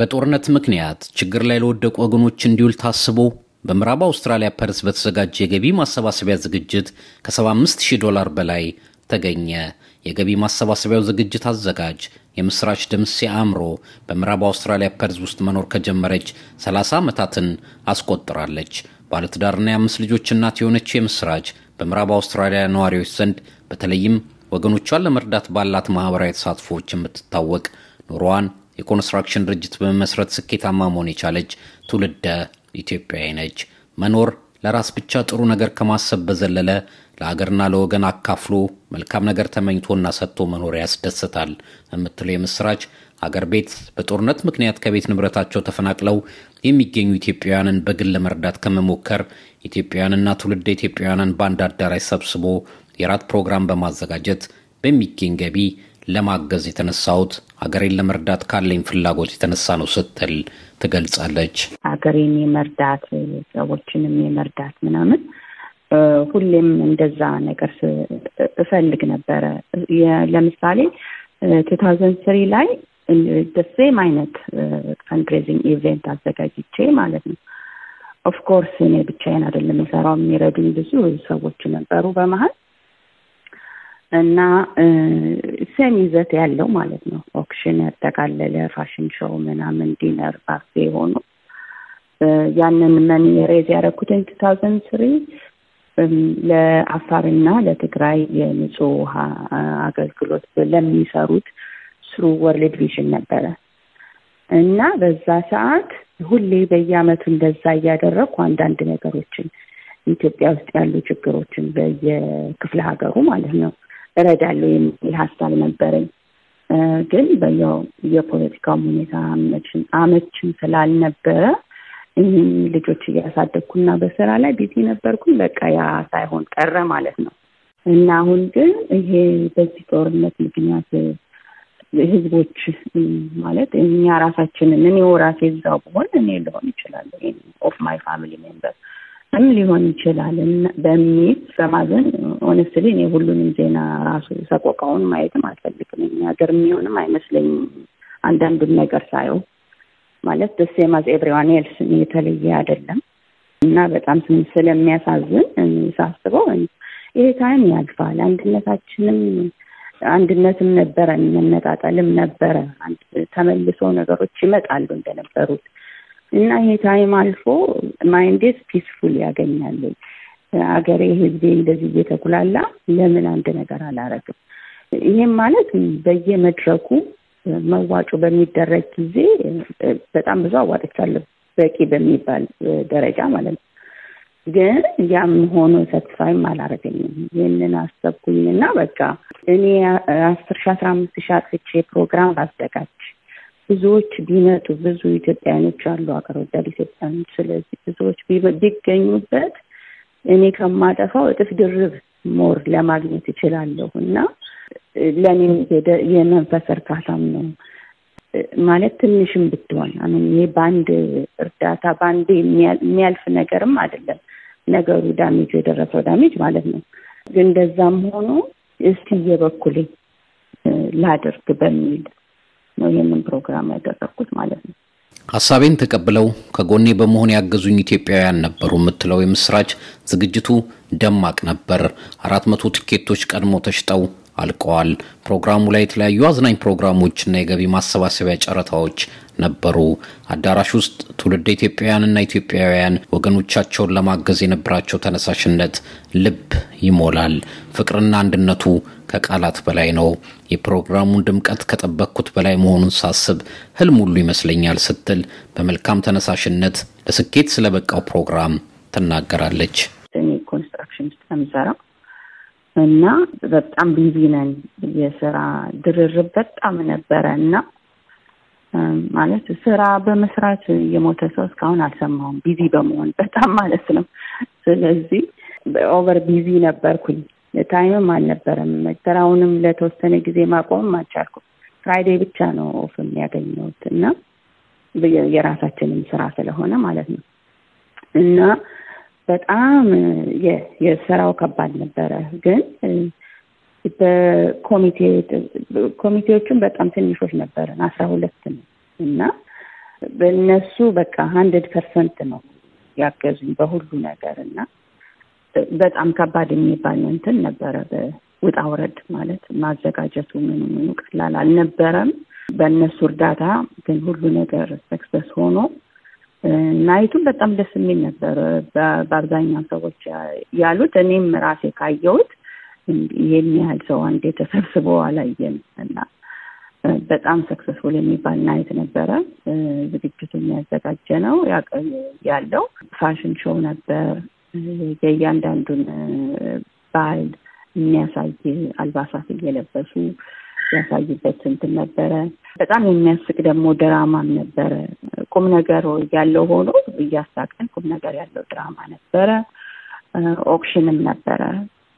በጦርነት ምክንያት ችግር ላይ ለወደቁ ወገኖች እንዲውል ታስቦ በምዕራብ አውስትራሊያ ፐርስ በተዘጋጀ የገቢ ማሰባሰቢያ ዝግጅት ከ75000 ዶላር በላይ ተገኘ። የገቢ ማሰባሰቢያው ዝግጅት አዘጋጅ የምስራች ደምሴ አእምሮ በምዕራብ አውስትራሊያ ፐርዝ ውስጥ መኖር ከጀመረች 30 ዓመታትን አስቆጥራለች። ባለትዳርና የአምስት ልጆች እናት የሆነችው የምስራች በምዕራብ አውስትራሊያ ነዋሪዎች ዘንድ በተለይም ወገኖቿን ለመርዳት ባላት ማኅበራዊ ተሳትፎዎች የምትታወቅ ኑሮዋን የኮንስትራክሽን ድርጅት በመመስረት ስኬታማ መሆን የቻለች ትውልደ ኢትዮጵያዊ ነች። መኖር ለራስ ብቻ ጥሩ ነገር ከማሰብ በዘለለ ለሀገርና ለወገን አካፍሎ መልካም ነገር ተመኝቶና ሰጥቶ መኖር ያስደስታል የምትለው የምስራች አገር ቤት በጦርነት ምክንያት ከቤት ንብረታቸው ተፈናቅለው የሚገኙ ኢትዮጵያውያንን በግል ለመርዳት ከመሞከር ኢትዮጵያውያንና ትውልደ ኢትዮጵያውያንን በአንድ አዳራሽ ሰብስቦ የራት ፕሮግራም በማዘጋጀት በሚገኝ ገቢ ለማገዝ የተነሳሁት ሀገሬን ለመርዳት ካለኝ ፍላጎት የተነሳ ነው ስትል ትገልጻለች። ሀገሬን የመርዳት ሰዎችንም የመርዳት ምናምን ሁሌም እንደዛ ነገር እፈልግ ነበረ። ለምሳሌ ቱ ታውዘንድ ስሪ ላይ ደሴም አይነት ፈንድሬዚንግ ኢቨንት አዘጋጅቼ ማለት ነው። ኦፍኮርስ እኔ ብቻዬን አይደለም የሰራው፣ የሚረዱኝ ብዙ ሰዎች ነበሩ በመሀል እና ሴም ይዘት ያለው ማለት ነው። ኦክሽን ያጠቃለለ ፋሽን ሾው ምናምን ዲነር ፓርቲ የሆኑ ያንን መን ሬዝ ያደረኩትን ቱ ታውዘንድ ስሪ ለአፋርና ለትግራይ የንጹህ ውሃ አገልግሎት ለሚሰሩት ስሩ ወርልድ ቪዥን ነበረ እና በዛ ሰዓት ሁሌ በየአመቱ እንደዛ እያደረግኩ አንዳንድ ነገሮችን ኢትዮጵያ ውስጥ ያሉ ችግሮችን በየክፍለ ሀገሩ ማለት ነው እረዳለሁ የሚል ሀሳብ ነበረኝ። ግን በያው የፖለቲካው ሁኔታ አመችም ስላልነበረ ይህም ልጆች እያሳደግኩና በስራ ላይ ቢዚ ነበርኩኝ። በቃ ያ ሳይሆን ቀረ ማለት ነው እና አሁን ግን ይሄ በዚህ ጦርነት ምክንያት ህዝቦች ማለት እኛ ራሳችንን እኔ ወራሴ እዛው በሆን እኔ ልሆን ይችላለ ኦፍ ማይ ፋሚሊ ሜምበር ምን ሊሆን ይችላል በሚል በማዘን ኦነስትሊ እኔ ሁሉንም ዜና ራሱ ሰቆቃውን ማየትም አልፈልግም። የሚያገር የሚሆንም አይመስለኝም። አንዳንዱን ነገር ሳየው ማለት ደስ የማዝ ኤብሪዋን ኤልስ የተለየ አይደለም እና በጣም ስለሚያሳዝን ሳስበው ይሄ ታይም ያልፋል። አንድነታችንም አንድነትም ነበረ፣ መነጣጠልም ነበረ። ተመልሶ ነገሮች ይመጣሉ እንደነበሩት እና ይሄ ታይም አልፎ ማይንዴስ ፒስፉል ያገኛለኝ። አገሬ ህዝቤ እንደዚህ እየተኩላላ ለምን አንድ ነገር አላረግም? ይህም ማለት በየመድረኩ መዋጮ በሚደረግ ጊዜ በጣም ብዙ አዋጥቻለሁ፣ በቂ በሚባል ደረጃ ማለት ነው። ግን ያም ሆኖ ሰትፋይም አላረገኝም። ይህንን አሰብኩኝና በቃ እኔ አስር ሺ አስራ አምስት ሺ አጥፍቼ ፕሮግራም ባዘጋጅ ብዙዎች ቢመጡ ብዙ ኢትዮጵያኖች አሉ፣ ሀገር ወዳድ ኢትዮጵያኖች። ስለዚህ ብዙዎች ቢገኙበት እኔ ከማጠፋው እጥፍ ድርብ ሞር ለማግኘት እችላለሁ እና ለእኔም የመንፈስ እርካታም ነው ማለት ትንሽም ብትሆን አሁን ይሄ በአንድ እርዳታ በአንድ የሚያልፍ ነገርም አይደለም ነገሩ ዳሜጅ የደረሰው ዳሜጅ ማለት ነው። ግን እንደዛም ሆኖ እስቲ የበኩሌ ላድርግ በሚል ነው ይህንን ፕሮግራም ያደረግኩት ማለት ነው። ሀሳቤን ተቀብለው ከጎኔ በመሆን ያገዙኝ ኢትዮጵያውያን ነበሩ የምትለው የምስራች፣ ዝግጅቱ ደማቅ ነበር። አራት መቶ ትኬቶች ቀድሞ ተሽጠው አልቀዋል። ፕሮግራሙ ላይ የተለያዩ አዝናኝ ፕሮግራሞችና የገቢ ማሰባሰቢያ ጨረታዎች ነበሩ። አዳራሽ ውስጥ ትውልደ ኢትዮጵያውያንና ኢትዮጵያውያን ወገኖቻቸውን ለማገዝ የነበራቸው ተነሳሽነት ልብ ይሞላል። ፍቅርና አንድነቱ ከቃላት በላይ ነው። የፕሮግራሙን ድምቀት ከጠበቅኩት በላይ መሆኑን ሳስብ ህልም ሁሉ ይመስለኛል ስትል በመልካም ተነሳሽነት ለስኬት ስለበቃው ፕሮግራም ትናገራለች። ኮንስትራክሽን ውስጥ እና በጣም ቢዚ ነን። የስራ ድርርብ በጣም ነበረ እና ማለት ስራ በመስራት የሞተ ሰው እስካሁን አልሰማሁም፣ ቢዚ በመሆን በጣም ማለት ነው። ስለዚህ ኦቨር ቢዚ ነበርኩኝ፣ ታይምም አልነበረም። ስራውንም ለተወሰነ ጊዜ ማቆምም አልቻልኩም። ፍራይዴ ብቻ ነው ኦፍ የሚያገኘሁት እና የራሳችንም ስራ ስለሆነ ማለት ነው እና በጣም የስራው ከባድ ነበረ። ግን በኮሚቴ ኮሚቴዎቹን በጣም ትንሾች ነበርን አስራ ሁለት ነው እና በእነሱ በቃ ሀንድድ ፐርሰንት ነው ያገዙኝ በሁሉ ነገር እና በጣም ከባድ የሚባል እንትን ነበረ። በውጣ ውረድ ማለት ማዘጋጀቱ ምኑ ምኑ ቀላል አልነበረም። በእነሱ እርዳታ ግን ሁሉ ነገር ሰክሰስ ሆኖ ናይቱን በጣም ደስ የሚል ነበር። በአብዛኛው ሰዎች ያሉት እኔም ራሴ ካየሁት ይህን ያህል ሰው አንዴ ተሰብስቦ አላየም እና በጣም ሰክሰስፉል የሚባል ናይት ነበረ። ዝግጅቱን ያዘጋጀ ነው ያለው ፋሽን ሾው ነበር። የእያንዳንዱን ባህል የሚያሳይ አልባሳት እየለበሱ ያሳዩበት እንትን ነበረ። በጣም የሚያስቅ ደግሞ ድራማም ነበረ። ቁም ነገር ያለው ሆኖ እያሳቀን ቁም ነገር ያለው ድራማ ነበረ። ኦክሽንም ነበረ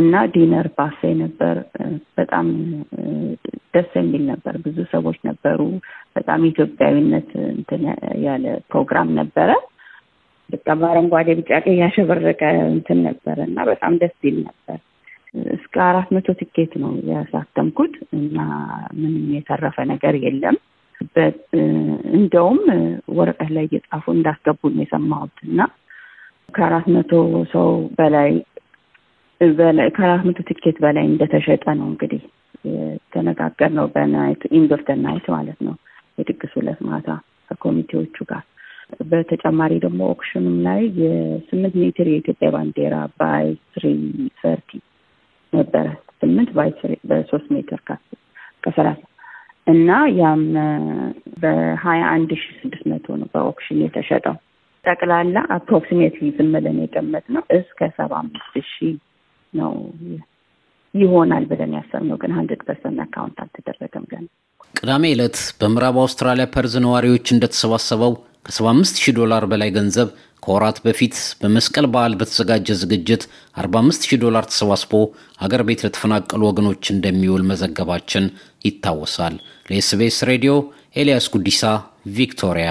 እና ዲነር ባፌ ነበር። በጣም ደስ የሚል ነበር። ብዙ ሰዎች ነበሩ። በጣም ኢትዮጵያዊነት እንትን ያለ ፕሮግራም ነበረ። በቃ በአረንጓዴ ቢጫ ቀይ ያሸበረቀ እንትን ነበረ እና በጣም ደስ ይል ነበር። እስከ አራት መቶ ትኬት ነው ያሳተምኩት እና ምንም የተረፈ ነገር የለም። እንደውም ወረቀት ላይ እየጻፉ እንዳስገቡ ነው የሰማሁት እና ከአራት መቶ ሰው በላይ በላይ ከአራት መቶ ትኬት በላይ እንደተሸጠ ነው እንግዲህ የተነጋገርነው በናይት ኢንድ ኦፍ ደ ናይት ማለት ነው የድግሱ ዕለት ማታ ከኮሚቴዎቹ ጋር በተጨማሪ ደግሞ ኦክሽኑም ላይ የስምንት ሜትር የኢትዮጵያ ባንዴራ ባይ ስሪ ሰርቲ ነበረ ስምንት በሶስት ሜትር ከፍ ከሰላሳ እና ያም በሀያ አንድ ሺ ስድስት መቶ ነው በኦክሽን የተሸጠው። ጠቅላላ አፕሮክሲሜትሊ ዝም ብለን ነው እስከ ሰባ አምስት ሺ ነው ይሆናል ብለን ያሰብነው ግን ሀንድድ ፐርሰንት አካውንት አልተደረገም ገና። ቅዳሜ ዕለት በምዕራብ አውስትራሊያ ፐርዝ ነዋሪዎች እንደተሰባሰበው ከ75 ሺህ ዶላር በላይ ገንዘብ ከወራት በፊት በመስቀል በዓል በተዘጋጀ ዝግጅት 45000 ዶላር ተሰባስቦ አገር ቤት ለተፈናቀሉ ወገኖች እንደሚውል መዘገባችን ይታወሳል። ለኤስቤስ ሬዲዮ ኤልያስ ጉዲሳ ቪክቶሪያ